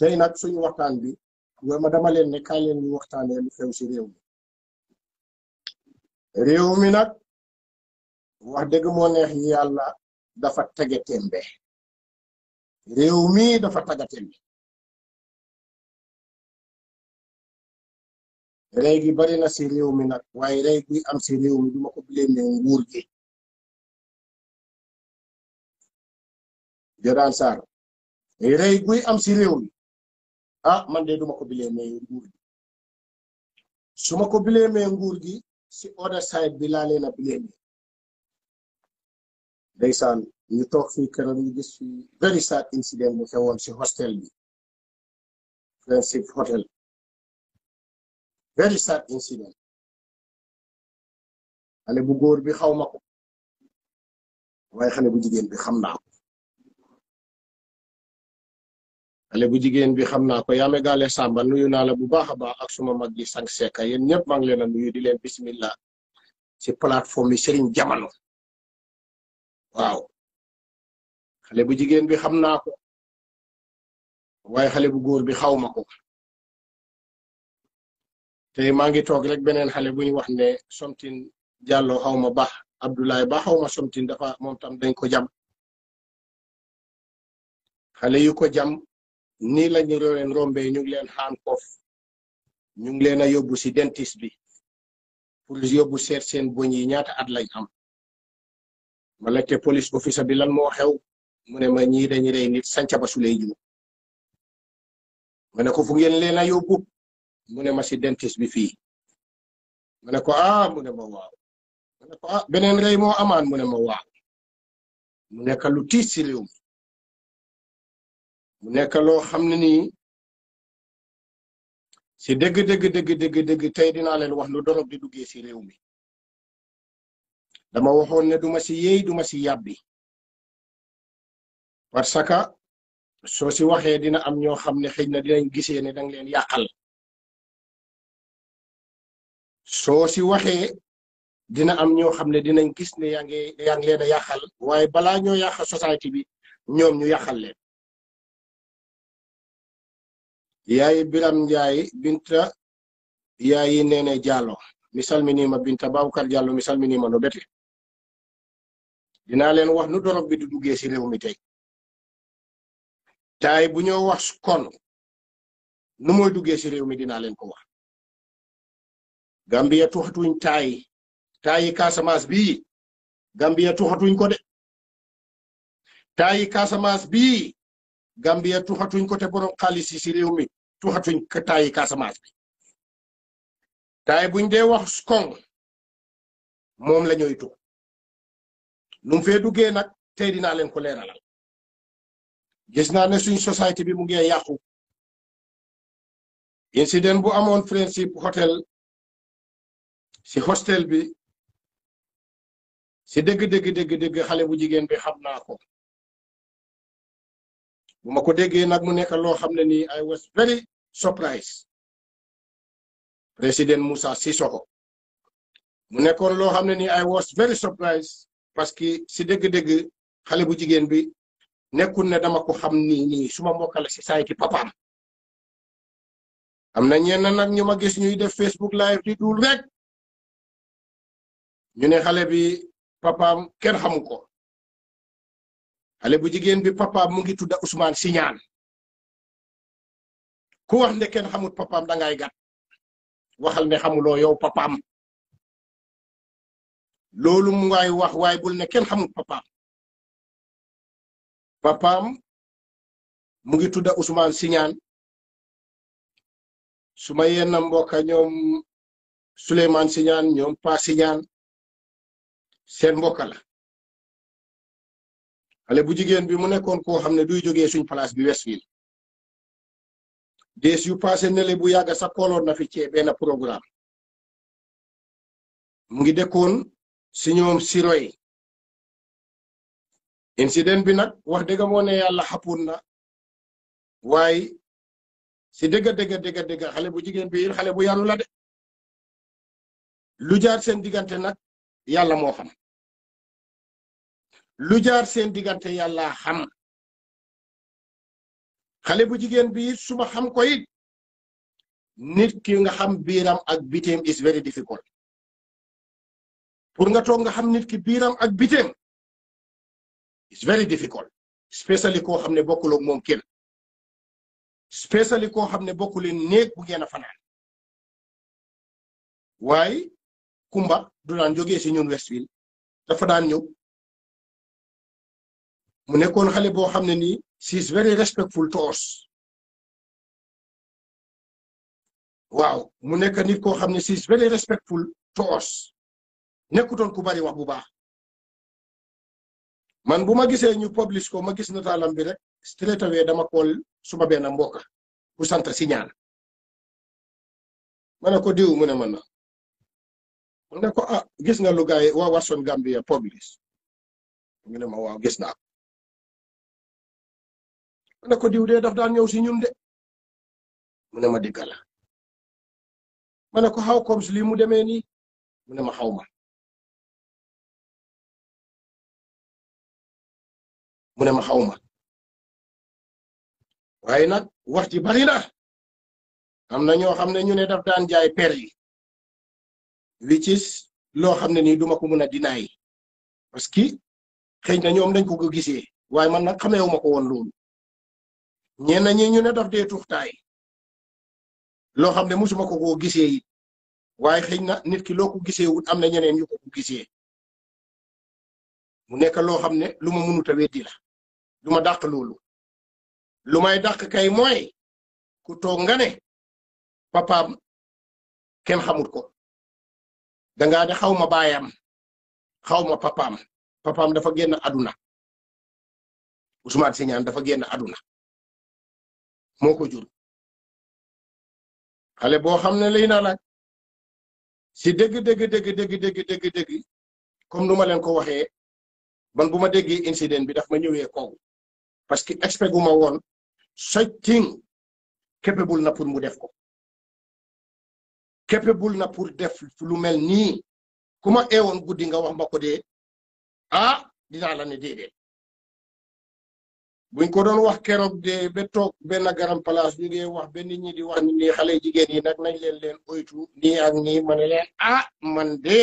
tey nag suñu waxtaan bi yow ma dama leen ne kaay leen ñu waxtaanee lu xew si réew mi réew mi nag wax dëgg moo neex yàlla dafa tege tembe réew mi dafa taga tembe rey gi bari na si réew mi nag waaye rey gi am si réew mi duma ko bileemee nguur gi jëraan saar rey guy am si réew mi ah man du duma ko nguur gi su ma ko bilee nguur gi si other side bi laa leen a bilee mee ndeysaan ñu toog fi këram ñu gis fi very sad incident bu xewoon si hostel bi Friendship Hotel very sad incident xale bu góor bi xaw ma waaye xale bu jigéen bi xam naa xale bu jigéen bi xam naa ko yaame gaale Samba nuyu naa bu baax a baax ak suma mag yi sang seeka yéen ñëpp maa ngi leen a nuyu di leen bismillah ci plateforme yi Serigne Jamano waaw xale bu jigéen bi xam naa waaye xale bu góor bi xaw ma ko tey maa ngi toog rek beneen xale bu ñu wax ne somtin Diallo xaw ma baax Ba xaw ma somtin dafa moom dañ ko jam xale yu ko jam. nii la ñu leen rombe ñu ngi leen xaan ñu ngi leen a yóbbu si dentiste bi pour yóbbu seet seen boñ yi ñaata at lañ am ma laajte police officer bi lan moo xew mu ne ma ñii dañu rey nit sànca ba su lay ju leen a yóbbu mu ne ma si dentiste bi fii ma ne ko ah mu ne ma waaw ma ne ko ah beneen rey moo amaan mu ne mu nekk lu tiis si réew mu nekk loo xam ne nii si dëgg dëgg dëgg dëgg tey dina leen wax nu dorog di duggee si réew mi dama waxoon ne duma si yéey duma si yàbbi parce que soo si waxee dina am ñoo xam ne xëj na dinañ gisee ne danga leen yàqal soo si waxee dina am ñoo xam ne dinañ gis ne yaa ngi yaa ngi leen a yàqal waaye balaa ñoo yàq société bi ñoom ñu yàqal leen yaayi biram njaayi binta yaayi nene jallo mi salminima binta babukar jallo mi salminima no bete dinaa leen wax nu dorog bi du duggee ci réew mi tey taay bu ñoo wax kon nu mooy duggee ci réew mi dinaa leen ko wax Gambia tuxatuñ taay taayi Casamance bii Gambia tuxatuñ ko de taayi Casamance bii Gambia tuxatuñ ko te borom xaalis yi ci réew mi waxatuñ que temps yi Casamance bi temps buñ de wax skong moom la ñuy tux nu mu fee duggee nag tey dinaa leen ko gis naa ne suñ société bi mu ngi yàqu incident bu amoon Friendship Hotel si hostel bi si dëgg dëgg dëgg xale bu jigéen bi xam naa ko bu ma ko déggee nag mu nekk loo xam ne nii I was very surprised président Moussa Sissoko mu nekkoon loo xam ne nii I was very surprised parce que si dégg xale bu jigéen bi nekkul ne dama ko xam nii suma mbokk la si saay ci papaam am na ñenn nag ñu ma gis ñuy def Facebook live di dul rek ñu ne xale bi papaam kenn xamu ko ale bu jigen bi papa mu ngi tudda Ousmane signal ku wax ne kenn xamul da ngay gat waxal ne xamulo yow am lolou mu ngay wax way bul ne hamut xamul papa am mu ngi tudda Ousmane signal suma ma yenn mbokk ñoom Souleymane Pa signal sen xale bu jigéen bi mu nekkoon koo xam ne duy jógee suñ place bi Westfield des yu passé nele bu yàgg sa kooloon na fi cee benn programme mu ngi dëkkoon si ñoom siroy incident bi nag wax dëgg moo ne yàlla xapoon na waaye si dëgg dëgg dëgg dëgg xale bu jigéen bi xale bu yàllu la de lu jaar seen diggante nag yàlla moo xam lu jaar seen diggante yàlla xam xale bu jigéen bi it suma xam ko nit ki nga xam biiram ak biteem is very difficult pour nga toog nga xam nit ki biiram ak biteem is very difficult especially koo xam ne bokkul ak moom kenn especially koo xam ne bokkul néeg bu a fanaan waaye Kumba du daan jógee si ñun Westfield dafa daan ñëw. mu nekkoon xale boo xam ne nii she is very respectful to us waaw mu nekk nit koo xam ne she is very respectful to us nekkutoon ku bari wax bu baax man bu ma gisee ñu publish ko ma gis nataalam bi rek straight away dama kool suma benn mbokka ku sant si ñaan ne ko diw mu ne mën na mu ko ah gis nga lu gaay waa Watson Gambia publish mu ne naa ne ko diw dee daf daan ñëw si ñun de mu ne ma diggala ma ne ko xaw comme lii mu demee nii mu ne ma xaw ma mu ma xaw ma waaye nag wax ji bari na am na ñoo xam ne ñu ne daf daan jaay per yi which is loo xam ne nii duma ko mën a dinaay parce que xëy na ñoom dañ ko ko gisee waaye man nag xamewuma ko woon loolu ñenn ñi ñu ne daf dee tuxtaay loo xam ne musuma ko koo gisee it waaye xëy na nit ki loo ko gisee wut am na ñeneen ñu ko ko gisee mu nekk loo xam ne lu ma mënut a weddi la du ma dàq loolu lu may dàq kay mooy ku toog nga ne papaam kenn xamut ko dangaa ne xaw ma baayam xaw ma papaam dafa génn aduna Ousmane Siñaan dafa génn aduna. moo ko jur xale boo xam ne lay naa laaj si dëgg dëgg dëgg dëgg dëgg comme nu ma leen ko waxee man ma déggee incident bi daf ma ñëwee kooku parce que expect gu ma woon such thing capable na pour mu def ko capable na pour def lu mel nii ku ma eewoon guddi nga wax ma ko ah dinaa la buñ ko doon wax keroog de ba toog benn garam place ñu ngi wax benn ñi di wax ni xale jigéen yi nag nañ leen leen oytu nii ak nii ma ne leen ah man de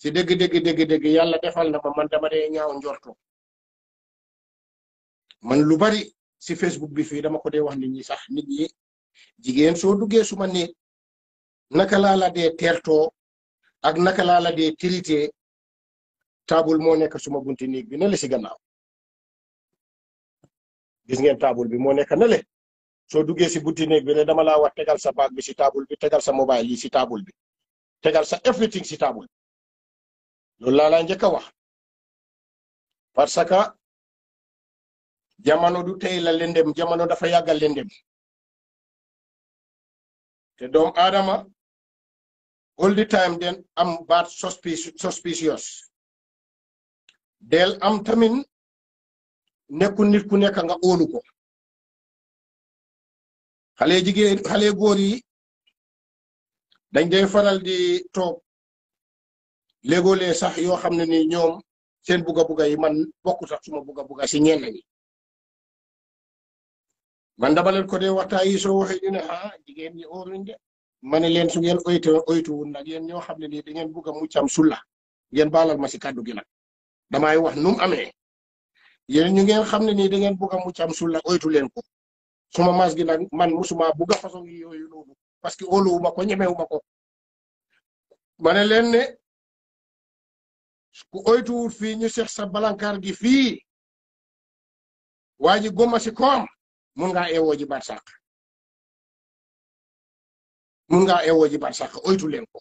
si dëgg dëgg dëgg dëgg yàlla defal na ma man dama dee ñaaw njorto man lu bari si Facebook bi fii dama ko dee wax nit ñi sax nit ñi jigéen soo duggee suma néeg naka laa la dee ak naka laa la dee tirité taabul moo nekk suma bunti néeg bi ne la si gannaaw. gis ngeen taabul bi moo nekk na le soo duggee si bunti bi ne dama laa wax tegal sa baag bi si taabul bi tegal sa mobile yi si taabul bi tegal sa everything si taabul bi loolu laa laa njëkk a wax parce que jamono du tey la lëndëm jamono dafa yàgga lëndëm te doom aadama all the time den am baat suspicious del am tamit nekkul nit ku nekk nga óolu ko xale jigéen xale góor yi dañ day faral di toog léegoolee sax yoo xam ne ni ñoom seen bugga bugga yi man bokku suma bugga bugga si ñenn man dama leen ko dee waxtaan yi soo waxee ñu ne ah jigéen de ma ne leen su ngeen oytu oytuwul nag yéen ñoo xam ne nii da ngeen bugg a muccam sulla ngeen baalal ma si kàddu gi nag damay wax num amee yéen ñu ngeen xam ne nii da ngeen bugg a mucc am oytu leen ko suma mas gi nag man musuma bugg a façon yi yooyu noonu parce que óoluwuma ko ñemewuma ko ma leen ne ku oytuwut fii ñu seex sa balankaar gi fii waa ji goma si koom mun ngaa ewoo ji mun ngaa ewoo ji barsàq oytu leen ko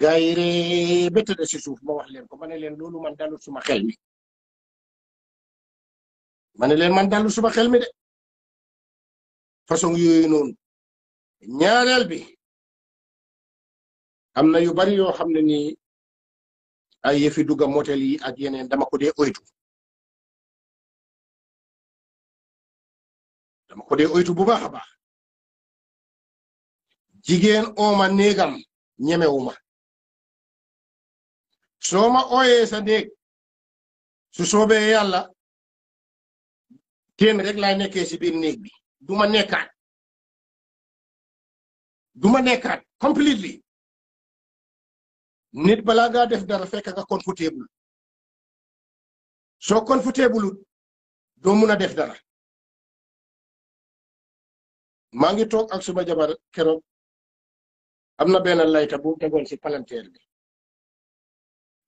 gaay yi ree ba tëdd si suuf ma wax leen ko ma ne leen loolu man dalut suma xel mi ma leen man dallu suma xel mi de façon yooyu noonu bi am na yu bari yoo xam ne ni ay yëfi dugga motel yi ak yeneen dama ko dee oytu dama ko dee oytu bu baax a baax jigéen ooma néegam ñemewuma soo ma ooyee kenn rek laay nekkee si biir néeg bi du ma nekkaat du ma nekkaat completely nit balaa ngaa def dara fekk nga comfortable soo comfortable doo mun a def dara maa ngi toog ak suma jabar keroog am na benn layta bu tegoon si palanteer bi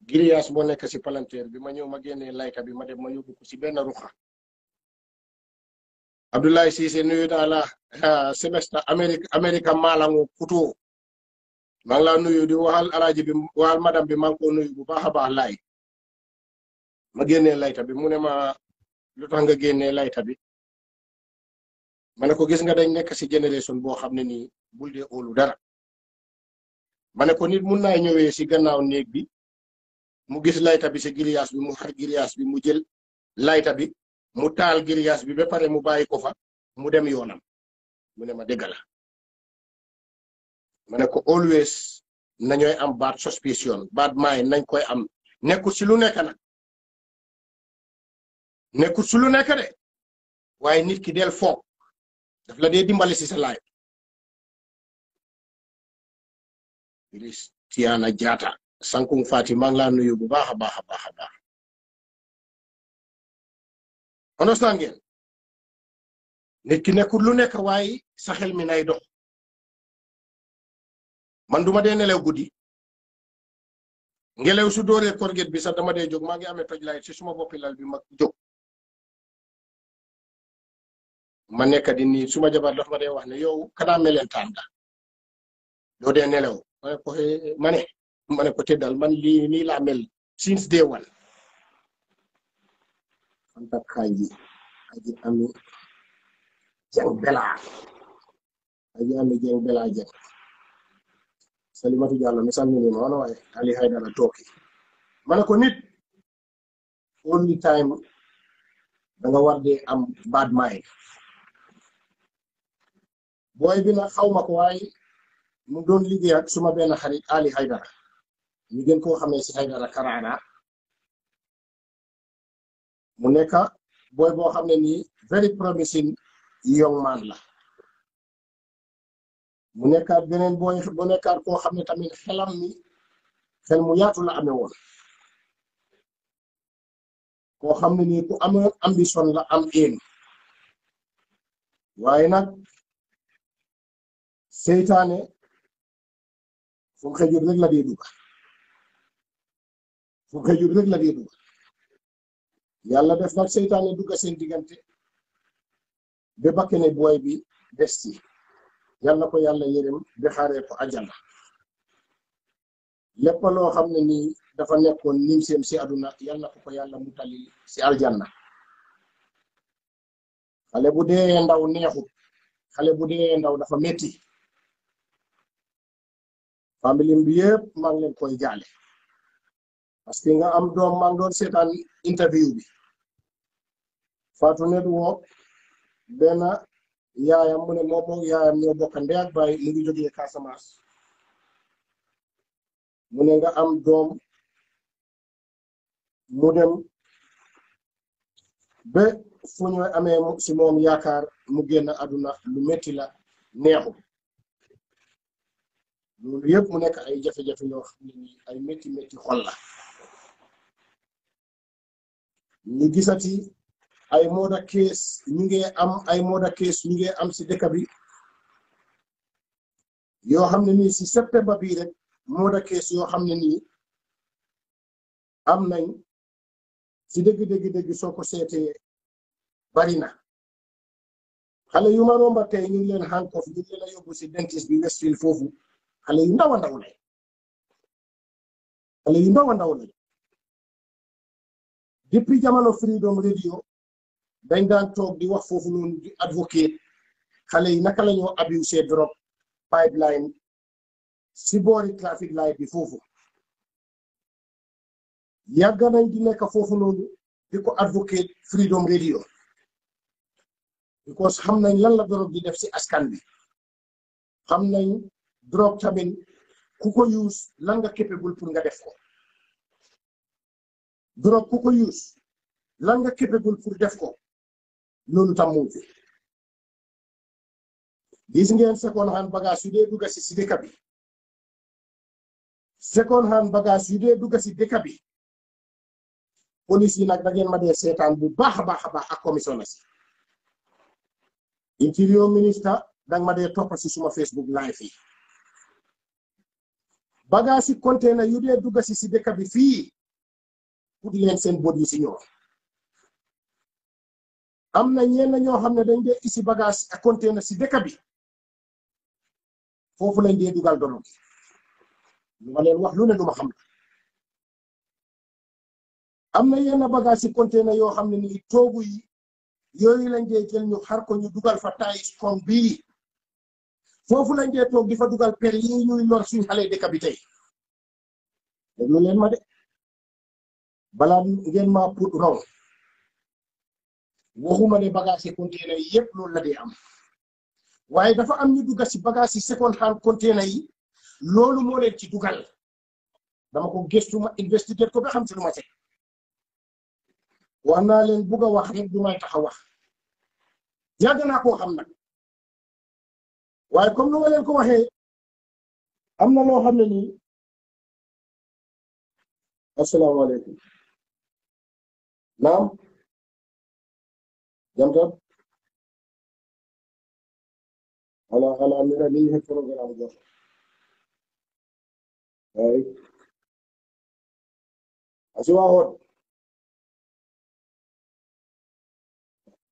giriyaas moo nekk si palanteer bi ma ñëw ma génnee layta bi ma dem ma yóbbu ko si benn ruxa abdoulaye sise nowi taala semestre amérique amérique maala ngo kuto mangla nuyudi wahal alaji bi wahal madame bi manko nuyu bu baaxa baax laay ma génne layta bi mu ne ma lu tax nga génne layta bi ma ne ko gis nga dañ nekk si génération boo xam ne nii bul dee oolu dara ma ne ko nit mun naay ñëwee si gannaaw néeg bi mu gis layta bi si giliyaas bi mu xar giliyaas bi mu jël layta bi mu taal grillage bi ba pare mu bàyyi ko fa mu dem yoonam mu ne ma déggala la ma ne ko always nañooy am bad suspicion bad mind nañ koy am nekkul si lu nekk nag si lu nekk de waaye nit ki del fo daf la dee dimbali si sa laay Christiana Jaata sankung Fati maa ngi laa nuyu bu baax a baax a baax a baax understand ngeen nit ki nekkul lu nekk waaye sa mi nay dox man duma dee nelew guddi ngelew su dooree korget bi sax dama dee jog maa ngi amee toj laay ci suma boppi lal bi mag jóg ma nekk di nii suma jabar dafa ma dee wax ne yow kanaa melentaan la doo nelew ma ne ko eh, man lii nii laa since day one Anta Kaaji Aji Ami Jeng Bella Aji Ami Jeng Bella Jeng Salimatu Diallo mi sàmmini ma wala waaye Ali Haydara tooki ma ne ko nit only time danga war di am bad mind booy bi nag xaw ma ko mu doon liggéey ak suma benn xarit Ali Haydara ñu gën koo xamee si Haydara mu nekk bo boo xam ne nii very promising young man la mu nekkaat beneen booy mu nekkaat koo xam ne tamit xelam mi xel mu yaatu la amee koo xam ne nii ku amoon ambition la am éen waaye nag seytaane fu mu xëjut rek la dee dugg fu yàlla def nag seytaane dugg seen diggante ba bakkane booy bi des ci yàlla ko yàlla yërëm ba xaaree ko ajana lépp loo xam ne nii dafa nekkoon nim seem si aduna yàlla ko ko yàlla mu tali si aljanna xale bu dee ndaw neexut xale bu dee ndaw dafa metti famille bi yëpp maa ngi leen koy jaale parce que nga am doom maa ngi doon interview bi Fatunatu Wok benn yaayam mu ne moom moog yaayam ñoo bokk ak baay mu ngi jógee Casamance nga am doom mu dem ba fu ñu amee si moom yaakaar mu génn àdduna lu metti la neexu loolu yëpp mu nekk ay jafe-jafe yoo ni ay la ay murder case ñu ngi am ay murder case ñu am si dëkk bi yoo xam ne ni si septembre bi rek murder case yoo xam ne nii am nañ si dëgg dëgg dëgg soo ko seetee bari na xale yu ma romba tey ñu ngi leen handcuff ñu ngi leen a yóbbu si dentist bi Westfield foofu xale yu ndaw a ndaw lañ xale yu ndaw a ndaw lañ depuis Radio dañ daan toog di wax foofu noonu di advocate xale yi naka la ñoo abusé drop pipeline si boori traffic light bi foofu yàgg nañ di nekk foofu noonu di ko advocate freedom radio because xam nañ lan la drop di def si askan bi xam nañ drop tamit ku ko use lan nga capable pour nga def ko pour def ko loolu tam mu fi gis ngeen second hand bagage yu dee dugga si si dëkk bi second hand bagage yu dee dugga si dëkk bi police nag da ngeen ma dee seetaan bu baax a baax a baax ak commission na si interior minista danga ma dee topp si suma facebook live fii bagage yi container yu dee dugga si si dëkk bi fii pour leen seen bët yi si ñoom am na ñenn ñoo xam ne dañ dee isi bagage ak conteneur si dëkk bi foofu lañ dee dugal dono gi ma leen wax lu ne lu xam la am na yenn bagage si conteneur yoo xam ne nii toogu yi yooyu lañ dee jël ñu xar ko ñu dugal fa taay kon bii foofu lañ dee toog di fa dugal per yi ñuy lor suñ xale dëkk tey déglu leen ma ma put raw waxuma ne bagage yi yi yëpp loolu la dee am waaye dafa am ñu dugga si bagage yi second hand container yi loolu moo leen ci dugal dama ko gëstu ma ko ba xam si lu ma teg wax naa leen bugg a wax rek du may tax wax yàgg naa koo xam nag waaye comme nu ma leen ko waxee am na loo xam ne nii asalaamaaleykum naam jam tan ala ala mbiɗa ni he programme goto eyi a siwa hoɗ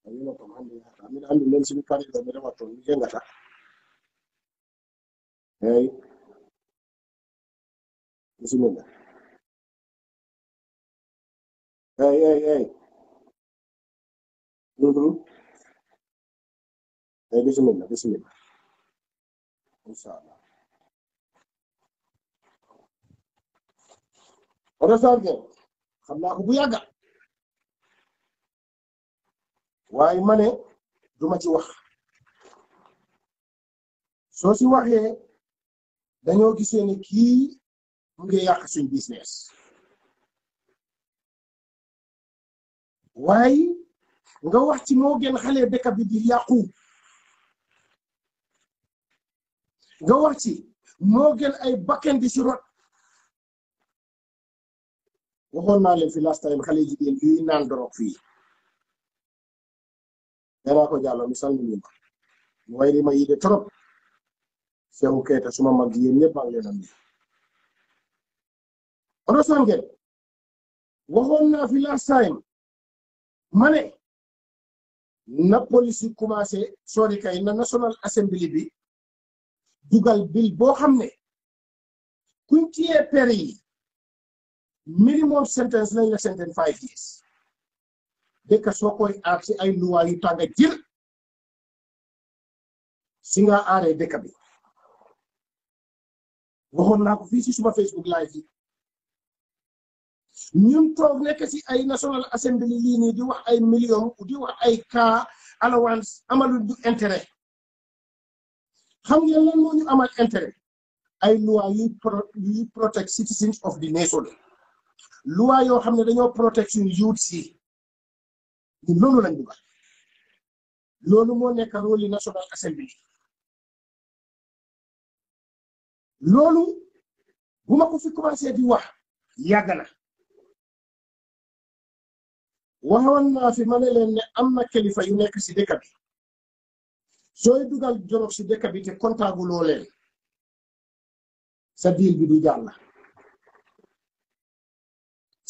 a wino kam hande yahata mbiɗa andi nden simi kariɗo mi remat toon mi jengata eyi bisimilla eyi eyi eyi ay bismillah bismillah inshallah oto chargé xam naa ko bu yàgga waaye ma ne duma ci wax soo si waxee dañoo gisee ne kii mu ngi yàq suñ business waaye nga wax ci moo gën bi di yàqu nga wax ci ay bakkan di si rot waxoon naa leen fi last time xale jigéen yuy naan dorog fii danaa ko jàll mu sànni ñu ma mu way ma yi de trop Seexu Keita suma mag yéen ñëpp maa ngi leen am fi last time ma na police yi commencé sori kay na national assembly bi dugal bill boo xam ne kuñ tiyee per yi minimum sentence lañ la sentence five years dëkk soo koy aar si ay luwaa yu tànga jir si nga aaree dëkk bi waxoon naa ko fii si suma Facebook live yi ñun toog nekk si ay national assembly lii nii di wax ay million di wax ay cas allowance amalu du intérêt xam ngeen lan moo ñu amal intérêt ay loi yuy protect citizens of the nation loi yoo xam ne dañoo protect suñu youth si ñun loolu lañ dugal loolu moo nekk rôle yi national assembly loolu bu ma ko fi commencé di wax yàgg na waxoon naa fi ma ne leen ne am na kilifa yu nekk si dëkk bi sooy bi te kontaaguloo leen sa diil bi du jàll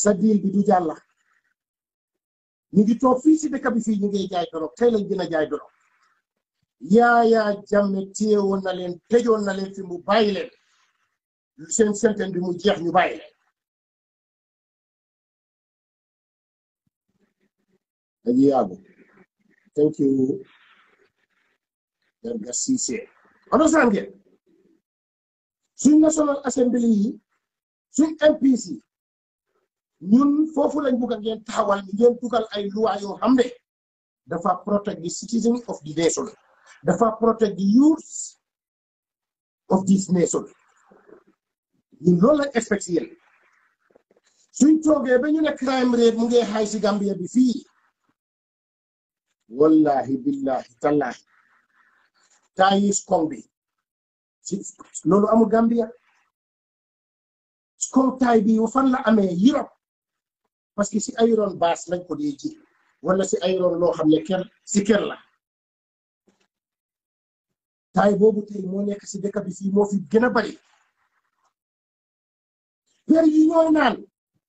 sa diil bi du jàll ñu ngi toog fii si dëkk bi fii ñu ngi jaay jolof tey lañ gën a jaay jolof yaayaa jàmme téyewoon na leen tëjoon na leen fi mu bàyyi seen senten bi mu jeex ñu bàyyi dañuy yàggu thank you Garga Cissé foofu lañ bugg a ngeen ay loi yoo xam dafa protect the citizens of the nation dafa protect the youth of this nation ñun loolu lañ expect toogee ba ñu ne crime rate mu ngi xay si Gambia bi fii wallahi billahi tallahi taayis koŋ bi si loolu amul Gambia koŋ taay bi fan la amee Europe parce si iron base lañ ko dee ji wala si iron loo xam ne ker si ker la taay boobu tey moo nekk si dëkk bi fii moo fi gën a bari per yi ñooy naan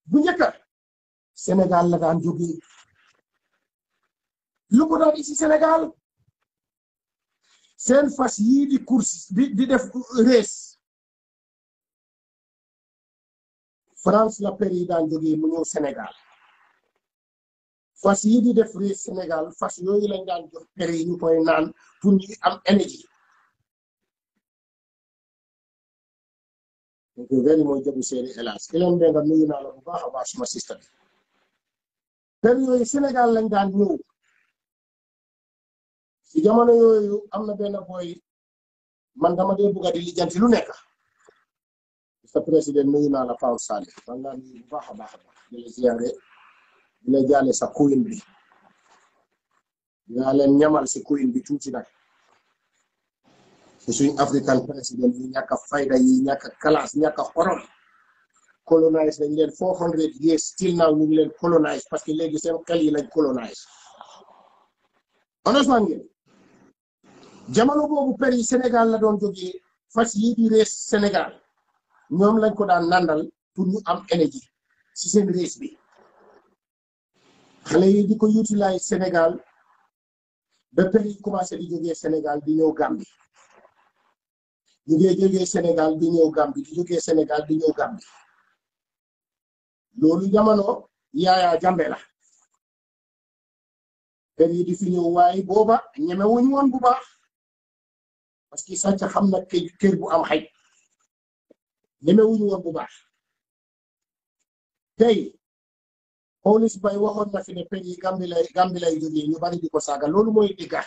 bu njëkka Sénégal la daan jógee lu ko doon ici Sénégal seen fas yii di course di di def race France la per yi daan mu ñëw Sénégal fas yii di def race Sénégal fas yooyu lañ daan jox per yi ñu koy naan pour ñu am énergie donc ren mooy jabu seeni hélas Hélène Mbengue nuyu naa la bu baax suma sista bi per Sénégal lañ daan ñëw ci jamono yooyu am na benn boy man dama dee bugga di lijjanti lu sa président nuyu naa la Paul Sané man laa nuyu bu baax a baax a baax di la ziare jaale sa kuyin bi dinaa leen ñamal si kuyin bi tuuti nag si suñ african président yi ñàkk a fayda yi ñàkk a classe ñàkk a xorom leen four hundred years still now ñu ngi leen colonise parce que léegi seen xel yi lañ colonise honnêtement ngeen jamono boobu per yi Sénégal la doon jógee fas yii di Sénégal ñoom lañ ko daan nandal pour ñu am énergie ci seen rees bi xale yi di ko utiliser Sénégal ba per di jógee Sénégal di ñëw Gambie di jógee Sénégal di ñëw Gambie di jógee Sénégal di ñëw Gambie loolu jamono Yaya Jammeh la per yi di fi ñëw waaye booba ñemewuñ woon bu baax. parce que sàcc xam na kër bu am xay ñemewuñu woon bu baax tey police bay waxoon na fi ne pen yi gambi lay gambi bari di ko saaga loolu mooy dëgga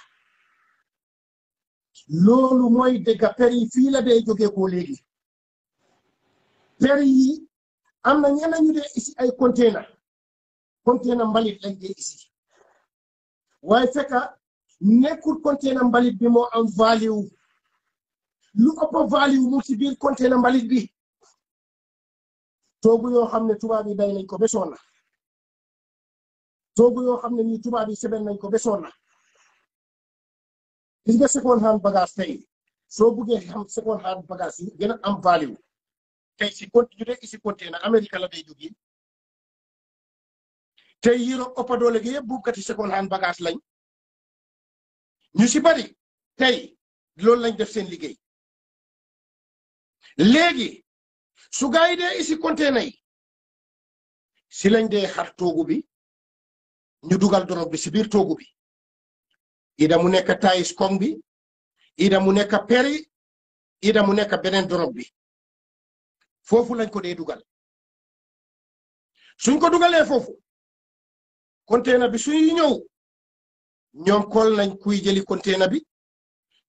loolu mooy dëgga per yi fii la dee jógee koo léegi na ñenn ñu dee isi ay container container mbalit lañ dee isi waaye fekka nekkul container mbalit bi moo am lu ëpp value mu ci biir container mbalit bi toogu yoo xam ne tubaab yi day nañ ko besoon na toogu yoo xam ne nii tubaab yi sebel nañ ko besoon na gis nga second hand bagage tey soo buggee xam second hand bagage yi gën am value tey si con ñu nekk si container Amérique la day jógee tey Europe ëpp doole gi bari tey loolu lañ def seen liggéey léegi su gaa yi isi container si lañ dee xar toogu bi ñu dugal dorog bi si biir toogu bi ida mu nekk taayis koŋ bi ida mu nekk peri ida beneen dorog bi foofu lañ ko dee dugal suñ ko dugalee foofu container bi suy ñëw ñoom nañ kuy jëli container bi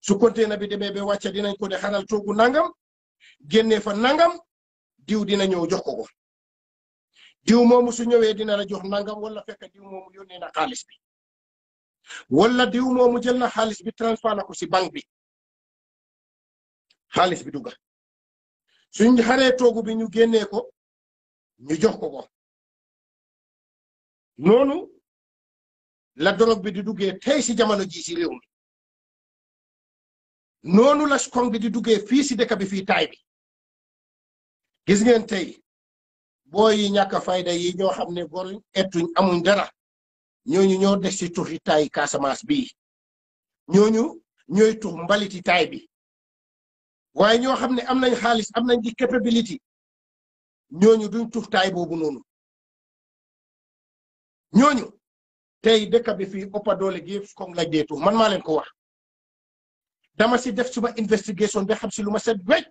su container bi demee ba wàcce dinañ ko de xaral toogu nangam génnee fa nangam diw dina ñëw jox ko ko diw moomu su ñëwee dina la jox nangam wala fekk diw moomu yónnee na xaalis bi wala diw moomu jël na xaalis bi transfert si banque bi xaalis bi dugga suñ xaree toogu bi ñu génnee ko ñu jox ko ko noonu la dorog bi di duggee tey si jamono ji si réew mi noonu la kong bi di duggee fii si dëkk bi fii taay bi gis ngeen tey booy yi ñàkk fayda yi ñoo xam ne gor ettuñ amuñ dara ñooñu ñoo des si tuxi taay Casamance bi ñooñu ñooy tux mbaliti taay bi waaye ñoo xam ne am nañ xaalis am nañ di capability ñooñu duñ tux taay boobu noonu ñooñu tey dëkk bi fi ëppa doole gi yëpp kong lañ dee man ma leen ko wax dama si def suma investigation bi xam si luma set wécc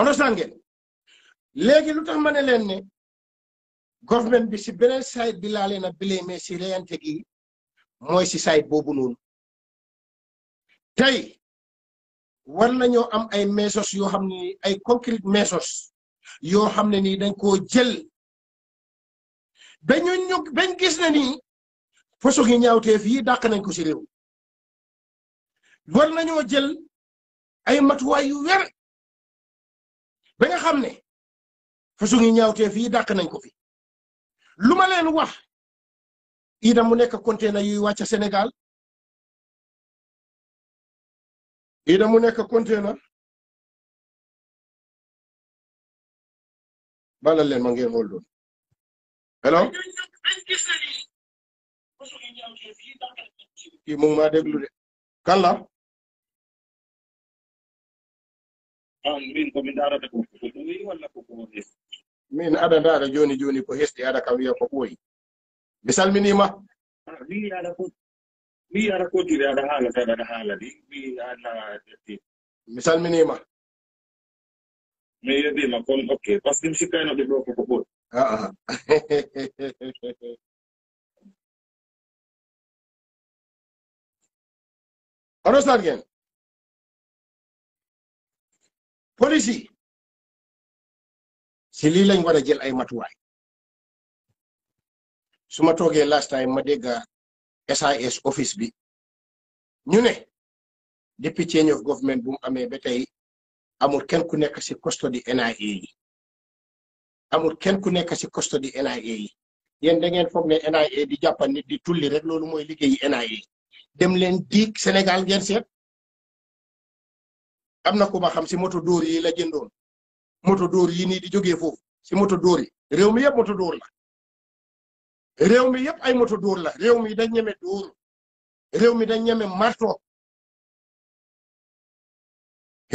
understand ngeen léegi lu tax ma leen ne government bi si beneen side bi laa leen a si reyante gi mooy si side boobu noonu tey war nañoo am ay mesos yoo xam ne ay concrete mesos yoo xam ne nii dañ koo jël ba ñu bañ gis ne nii poso gi ñaawteef yi dàq nañ ko si réew war nañoo jël ay matuwaay yu wér ba nga xam ne façon yi ñaawtee fii dàq nañ ko fi lu ma leen wax itam mu nekk conteneur yuy wàcc Sénégal itam mu nekk conteneur balal leen ma ngeen xool doon hello kii mu ngi maa déglu la kan niin. min komi darata ko ko ɗoyi walla koko hesi min aɗa ndaɗa joni joni ko hesɗi aɗa kam wiya ko ɓooyi mi salminima mi aɗa ko mi aɗa kotiri aɗa haala tan aɗa haala ɗi mi ana detti mi salminima mi yeddima kon ok par ce que mi sikkano ɓe ɗo koko ɓooyi aa oɗo sargen police si lii lañ war a jël ay matuwaay su ma toogee last time ma dégg SIS office bi ñu ne depuis change of government bu mu amee ba tey amul kenn si custody NIA yi amul kenn ku nekk si custody NIA yi yéen da ngeen foog ne NIA di jàppa nit di tulli rek loolu mooy liggéeyi NIA dem leen diig Sénégal ngeen seet am na ku ma xam si moto dóor yi la jëndoon moto dóor yi nii di jógee foofu si moto dóor yi réew mi yëpp moto dóor la ay moto dóor la réew mi dañ ñeme dóor réew mi dañ ñeme marto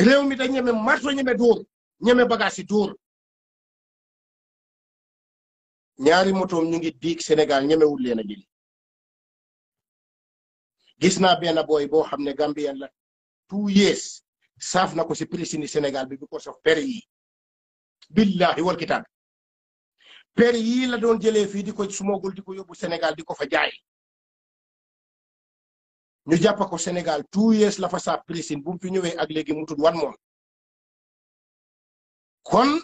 réew mi dañ ñeme marto ñeme dóor ñeme bagage si dóor ñaari moto ñu ngi diig Sénégal ñemewul leen a jëli gis naa benn booy boo xam ne Gambien la saaf na ko si prisini Sénégal bi because of pere yi billahi wal kitaab pere yii la doon jëlee fii di ko sumogul di ko yóbbu Sénégal di ko fa jaay ñu jàpp ko Sénégal two years la fa saaf prisine bu mu fi ñëwee ak léegi mu tudd wan moom kon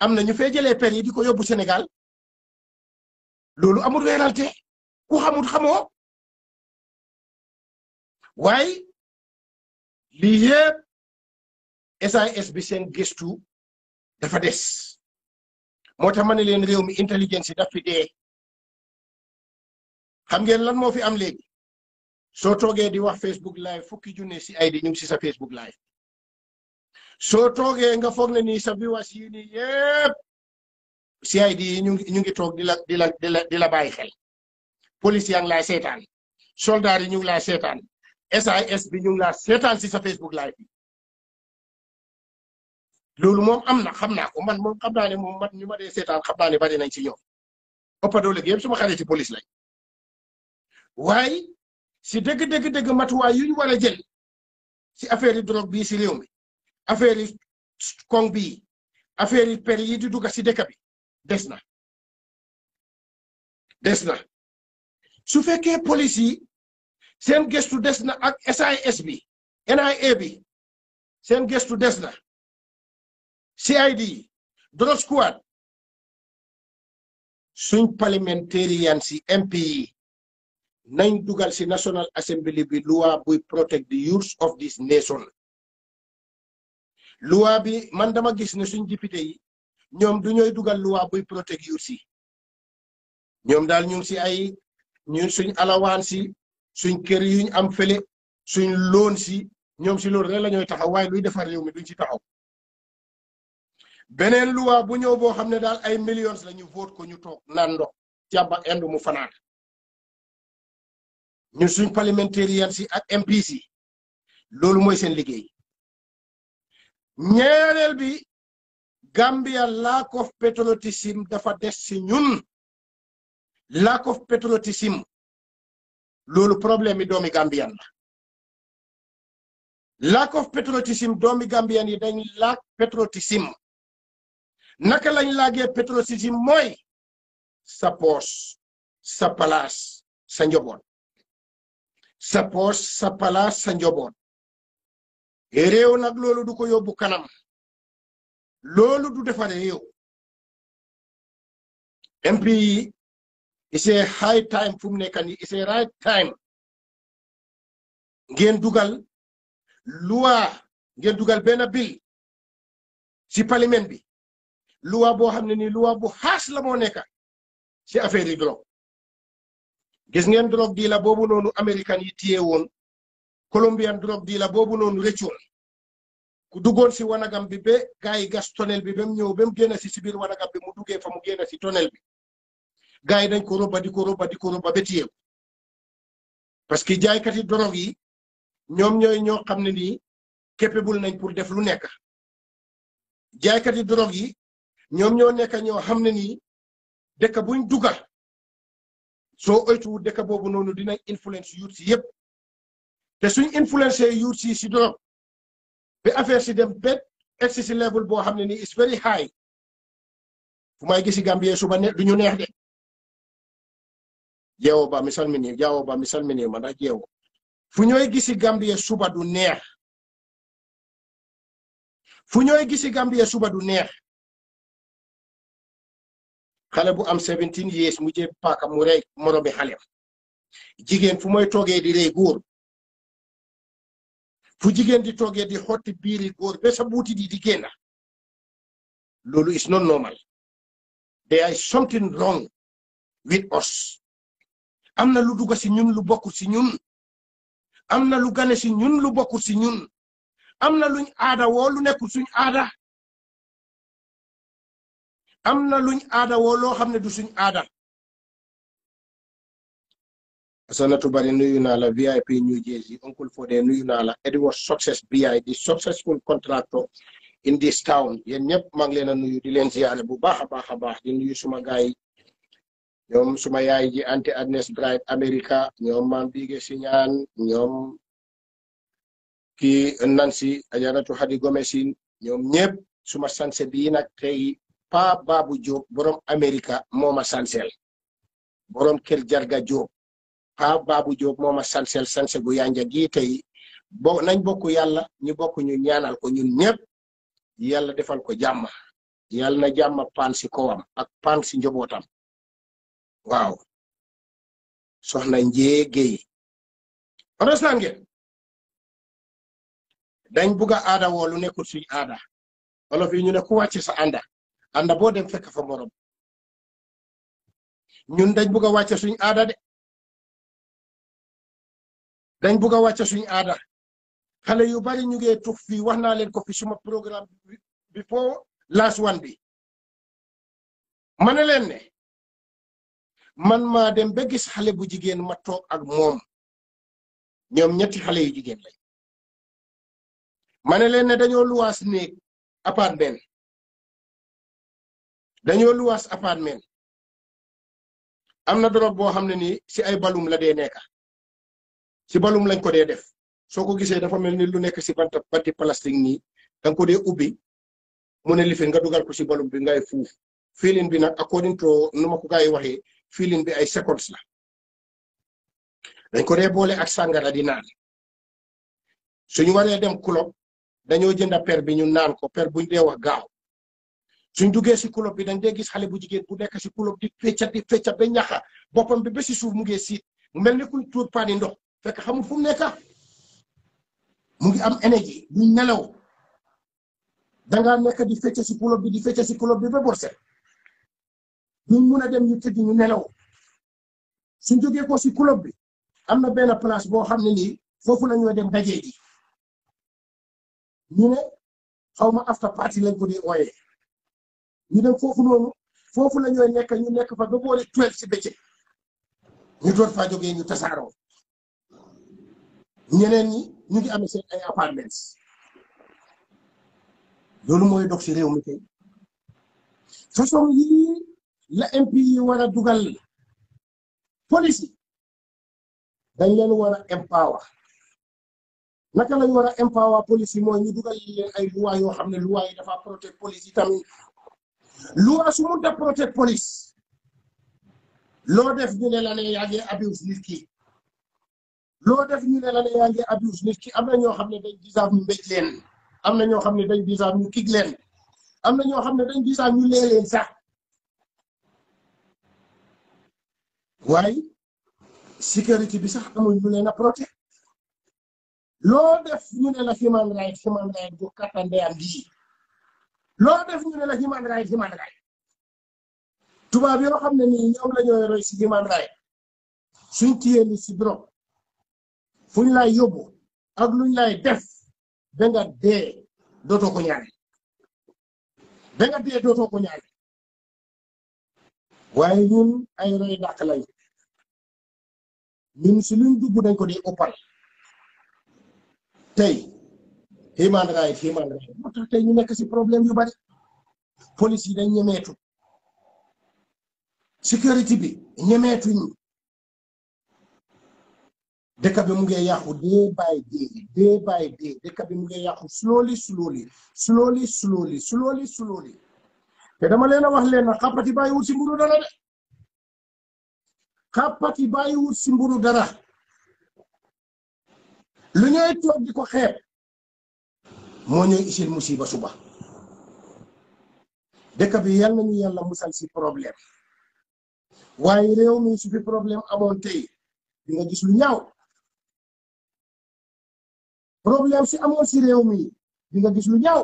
am na ñu fe jëlee pere yi di ko yóbbu Sénégal loolu amul weerante ku xamul xamoo waaye lii SAS bi seen gëstu dafa des moo tax ma ne leen réew mi intelligence daf fi dee xam ngeen lan moo fi am léegi soo toogee di wax Facebook live fukki junne si ay di ñu ngi si sa Facebook live soo toogee nga foog ne nii sa viewers yi nii yëpp si ay di ñu ngi ñu ngi toog di la di la di la di la bàyyi xel police yaa ngi seetaan soldat yi ñu ngi laa seetaan SAS bi ñu laa seetaan si sa Facebook live loolu moom am na xam naa ko man moom xam naa moom man ñu ma dee seetaan xam naa ne bari nañ ci ñoom ëppa doole gi suma xare ci police lañ waaye si dëgg dëgg dëgg matuwaay yu ñu war a si affaire yi bi bii si réew mi affaire yi kong bii affaire yi yi di dugg si dëkk bi des na des na su fekkee police yi seen gëstu des na ak SIS bi NIA bi seen gestu des na CID Drone Squad suñ parliamentarians si MP yi nañ dugal si National Assembly bi loi buy protect the of this nation loi bi man dama gis ne suñ député ñoom du ñooy dugal loi buy protect youths yi ñoom daal ñu ngi si ay ñun suñ alawaan si suñ kër yuñ am fële suñ loon si ñoom si loolu rek la ñooy taxaw waaye luy defar réew mi duñ si taxaw beneen luwaa bu ñëw boo xam ne daal ay millions la ñu vote ko ñu toog naan ndox jàmba ind mu fanaan ñun si ak MPs yi loolu mooy seen liggéey ñeereel bi Gambia lack of patriotism dafa des si ñun lack of problème yi Gambian la lack of patriotism Gambian yi dañ lack patriotism naka lañ laajee petro sisim mooy sa sa palaas sa njoboot sa poos sa palaas sa njoboot réew nag loolu du ko yóbbu kanam loolu du defar réew MP yi it's time fu mu nekk nii it's a time ngeen dugal loi ngeen dugal benn bill ci bi loi boo xam ne nii loi bu xaas la moo nekka ci affaire yi drogue gis ngeen drogue dii la boobu noonu américain yi téye woon colombian drogue dii la boobu noonu ku duggoon si wanagam bi ba gars gas tonel bi ba mu ñëw ba mu si si biir wanagam bi mu duggee fa mu génn si tonel bi gars yi dañ ko roba di ba téye ko parce que jaaykati drogue yi ñoom ñooy ñoo xam ne nii capable nañ pour def lu nekk jaaykati drogue yi ñoom ñoo nekk ñoo xam ne nii dëkk buñ duga soo oytuwul dëkk boobu noonu dina influence yuut si yëpp te suñ influence yuut si si dorog affaire si dem bet si level boo xam ne nii is fu may gisi Gambie suba ne du ñu neex de yeewo ba mi salmini yeewo ba mi salmini fu ñooy gisi Gambie suba du suba du neex xale bu am 17 years mu jël paaka mu rey moromi xalem jigéen fu mooy toogee di rey góor fu jigéen di toogee di xotti biiri góor ba sa buuti di di génn loolu is not normal there is something wrong with us am na lu dugg si ñun lu bokkul si ñun am na lu gane si ñun lu bokkul si ñun am na luñ aada woo lu nekkul suñ aada am na luñ aada woo loo xam ne du suñ aada asanatu bari nuyu naa la vip new jersey uncle fodé nuyu naa la success bi di successful contractor in this town yéen ñëpp maa ngi leen a nuyu di leen ziyaare bu baax a baax a baax di nuyu suma gaay yi ñoom suma yaay ji anti adnes drive america ñoom maam biige siñaan ñoom ki nansi ajaratu hadi gomesin ñoom ñëpp suma sanse bii nag pa Babou Diop borom Amerika moo ma sansel borom Kër Jarga Diop pa Babou Diop moo ma sansel sanse gu bo nañ bokk yàlla ñu bokk ñu ñaanal ko ñun ñëpp yàlla defal ko jàmm yàlla na jàmm paan si ak paan si njobootam waaw soxna Ndié Guèye understand ngeen dañ bugg a aada woo lu nekkul ñu ne ku sa ànda ànd boo dem fekk fa morom ñun dañ bugg a wàcce suñu aada dañ bugg a wàcce suñu aada xale yu bari ñu ngee tux fii wax naa leen ko fi suma programme bi foo last one bi ma leen man maa dem ba gis xale bu jigéen ma toog ak moom ñoom ñetti xale yu jigéen lañ ma ne leen ne dañoo luwaas néeg dañoo luwaas appartement am na drogue boo xam ne nii si ay balum la dee nekka si balum lañ ko dee def soo ko gisee dafa mel ni lu nekk si banta banti plastique nii danga ko dee ubbi mu ne lifin nga dugal ko si balum bi ngay fuuf filin bi nag according to nu ma ko gaa yi waxee filin bi ay secondes la dañ ko dee boole ak sàngara di naan suñu waree dem club dañoo jënda per bi ñu naan ko per buñ dee wax gaaw suñ duggee si club bi dañ dee gis xale bu jigéen bu nekk si club di fecca di fecca ba ñaxa boppam bi ba si suuf mu ngi siit mu mel ni kuñ tuur paani ndox fekk xamul fu mu nekk mu ngi am énergie du nelaw dangaa nekk di fecca si bi di fecca si club bi ba borset ñu a dem ñu tëdd ñu nelaw suñ jógee bi am na benn place boo xam ne nii foofu la ñoo dem dajee ji ñu ne ma after party lañ ko di ooyee ñu dem foofu noonu foofu la ñooy nekk ñu nekk fa ba boole twelve ci bëccëg ñu doon faa jógee ñu tasaaroo ñeneen ñi ñu ngi amee seen ay appartements loolu mooy dog ci réew mi tey façon yii la MP yi war a dugal police yi dañ leen war a empower naka lañ war a empower police yi mooy ñu dugal leen ay loi yoo xam ne loi yi dafa protéger police tamit loi su mun ta police loo def ñu ne la ne yaa ki loo def ñu ne la ne ki am na ñoo xam ne dañ disaaf ñu mbéj leen am na ñoo xam ne dañ disaaf ñu kig leen am na ñoo xam ne dañ disaaf ñu lee leen sax waaye sécurité bi sax amul ñu leen a protéger loo def ñu ne la human right human am ji. loolu def ñu ne la human right human right yoo xam ne nii ñoom la ñoo si human right suñ tiyee ni si drogue fuñ lay yóbbu ak lu lay def da nga dee dootoo ko ñaare da nga dee dootoo ko ñaare waaye ñun ay roy dàq si luñ dugg dañ ko di tey human right human right moo tax tey ñu nekk si problème yu bari police yi dañ ñemeetu sécurité bi ñemeetuñ dëkk bi mu ngi yàqu day by day day by day dëkk bi mu ngi slowly slowly slowly slowly slowly slowly te dama leen a wax leen na xàppati bàyyiwul si mburu dara de xàppati bàyyiwul si mburu dara lu ñooy di ko mo ñoy isil musiba suba dekk bi yalla ñu yalla musal si problème waye rew mi su fi problème amone tay di nga gis lu ñaaw problème si amone si rew mi di nga gis lu ñaaw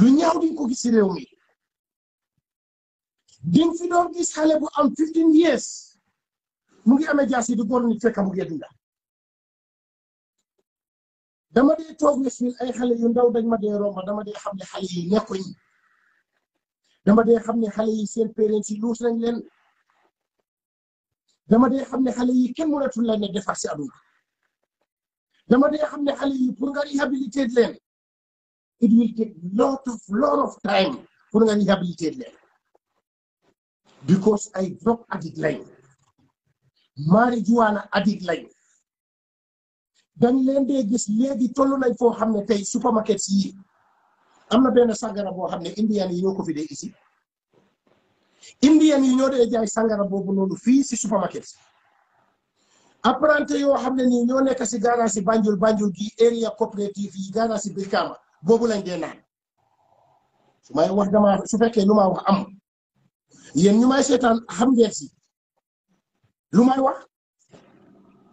lu ñaaw di ko gis si rew mi di fi do gis xale bu am 15 years mu ngi amé jassi di góor fekk bu ngi dama dee toog ne fii ay xale yu ndaw dañ ma dee romba dama dee xam ne xale yi nekkuñ dama dee xam ne xale yi seen parents yi luus nañ leen dama dee xam ne xale yi kenn mënatul la ne defar si aduna dama dee xam ne xale yi pour nga réhabilité leen it will take lot of lot of time pour nga réhabilité leen because ay drug addict lañ marijuana addict lañ dañ leen dee gis léegi toll nañ foo xam ne tey supermarkets yi am na benn sangara boo xam ne indian yi ñoo ko fi dee ici yi ñoo dee jaay sangara boobu noonu fii si supermarkets apprenti yoo xam ne ni ñoo nekk si garage si Banjul Banjul gi area coopérative yi garage si Brikama boobu lañ dee naan su may wax dama su fekkee lu ma wax am yéen ñu may seetaan xam ngeen si lu may wax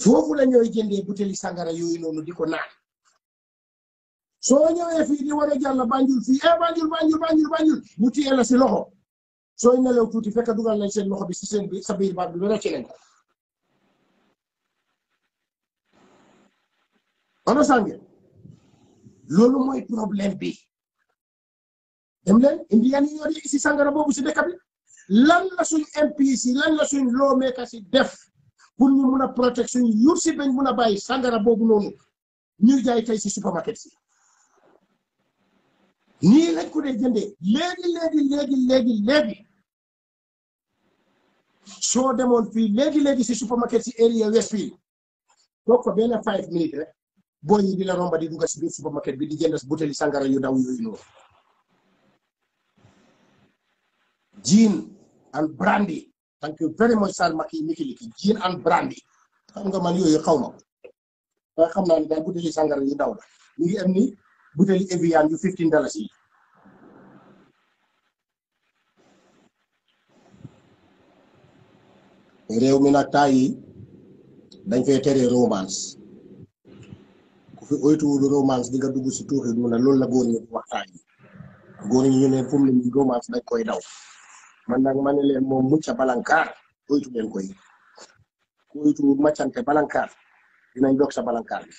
foofu la ñooy jëndee butéeli sangara yooyu noonu di ko naan soo ñëwee fii di war a jàll Banjul fii eh Banjul Banjul Banjul si loxo sooy nelaw tuuti fekk dugal nañ seen loxo bi si seen bi sa biir bi ba rëcc nañ ko. loolu mooy problème bi dem leen indien yi ñoo di si sangara boobu si dëkk bi lan la suñ MPs yi lan la suñ lawmakers yi def. pour ñu mun a protection yur si bañ mun a bàyyi sàngara boobu noonu ñuy jaay tey si supermarket si nii lañ ko dee jëndee léegi léegi léegi léegi soo demoon fii léegi léegi si supermarket si area west fii toog fa benn five minutes rek boo yi di la romba di dugga si biir supermarket bi di jënd butéeli sàngara yu daw yooyu noonu gin and brandy thank you very much sar maki mikiliki gin and brandy xam nga man yooyu xaw ma waaye xam naa ne daal butéeli sàngara yi ndaw la ñu ngi am ni butéeli yu fifteen dollars yi réew mi nag taa yi dañ fay tere romance ku fi oytuwul romance di nga dugg si tuuxi mu ne loolu la góor ñi wax taa yi góor ñi ñu ne fu mu romance dañ koy daw man nag ma leen moom mucca balankaar koytu leen koy koytu maccante balankaar dinañ dog sa balankaar bi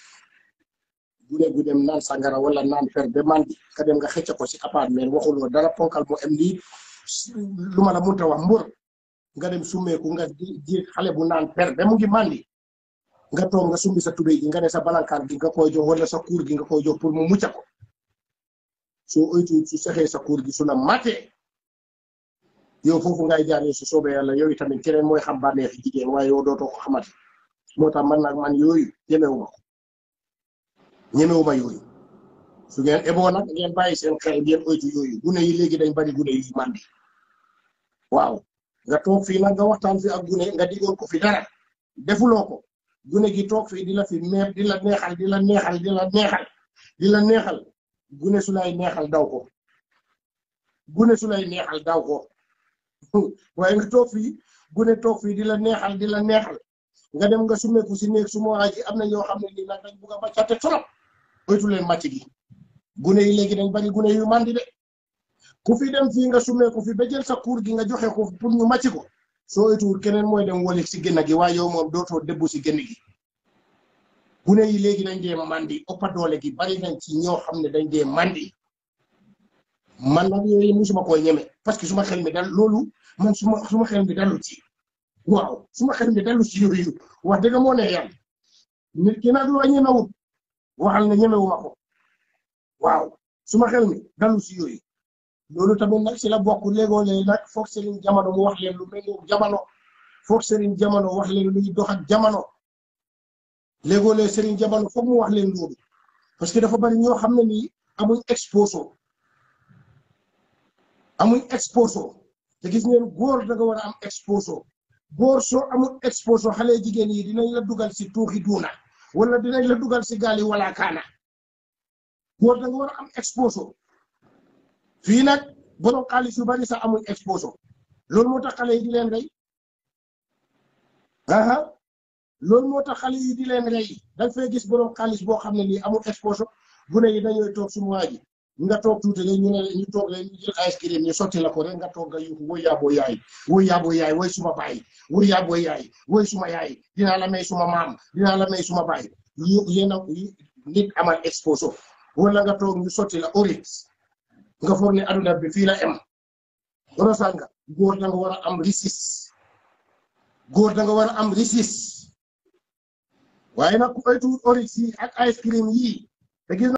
guné gu dem naan sangara wala naan fer ba mandi ka dem nga xëcc ko si appartement waxuloo dara ponkal moo am lii lu ma la mënta wax mbur nga dem summeeku nga ji xale bu naan fer ba mu ngi mandi nga toog nga summi sa tubéy gi nga ne sa balankaar gi nga koy jox wala sa kuur gi nga koy jox pour mu mucca ko soo oytu su sexee sa kuur gi su na matee yow foofu ngay jaaree su soobee yooyu tamit keneen mooy xam bànneexi jigéen waaye yow dootoo xamati moo tax man nag man yooyu ñemewuma ko ñemewuma yooyu su ngeen eboo nag ngeen bàyyi seen xel ngeen oytu yooyu gune yi léegi dañ bari gune yi mandi waaw nga toog fii nag nga waxtaan fi ak gune nga digoon ko fi dara defuloo ko gune gi toog fii di la fi meeb di la neexal di neexal di neexal di neexal gune su lay neexal daw ko gune su lay neexal daw ko waaye nga toog fii gune toog fii di la neexal di la neexal nga dem nga sumeeku si néeg su ma waa ji am na ñoo xam ne nii nag dañ bugg a màccate trop moytu leen màcc gi gune yi léegi dañ bari gune yu mandi de ku fi dem fii nga sumeeku fi ba jël sa kuur gi nga joxe ko pour ñu màcc ko soo ituwul keneen mooy dem walik si génn gi waaye yow moom dootoo debbu si génn gune yi léegi dañ dee mandi ëpp doole gi bari nañ ci ñoo xam ne dañ dee mandi man nag yooyu musuma ñeme parce que suma xel mi dal loolu man suma suma xel mi dalu ci waaw suma xel mi dalu ci yooyu wax dëgg moo ne yàlla nit ki nag loo ñemewut waxal ne ñemewuma ko waaw suma xel mi dalu ci yooyu loolu tamit nag si la bokk léegoo léegi nag foog sëriñ jamono mu wax leen lu méngoo jamono foog sëriñ jamono wax leen luy dox ak jamono léegoo léegi sëriñ jamono foog mu wax leen loolu parce que dafa bari ñoo xam ne nii amuñ exposo amuñ exposo te gis ngeen góor da nga war a am exposo góor soo amul exposo xale jigéen yi dinañ la dugal si tuuxi duuna wala dinañ la dugal si gaali wala kaana góor da war a am exposo fii nag borom xaalis yu bari sax amuñ exposo loolu moo tax xale yi di leen rey aha moo tax xale yi di leen rey da nga fay gis borom xaalis boo xam ne nii amul exposo gune yi dañooy toog sumu waa ji nga toog tuuti léegi ko rek nga toog nga yuuxu woy yaaboo yaay woy yaaboo yaay woy suma baay woy yaaboo yaay woy suma yaay dinaa la may suma maam dinaa la may suma baay yu yéen a nit amal exposo wala nga toog ñu sotti la orit nga foog ne aduna bi fii la em rosa nga góor da war a am risis góor da nga war a am risis waaye nag ku ay tuut orit ice cream yi te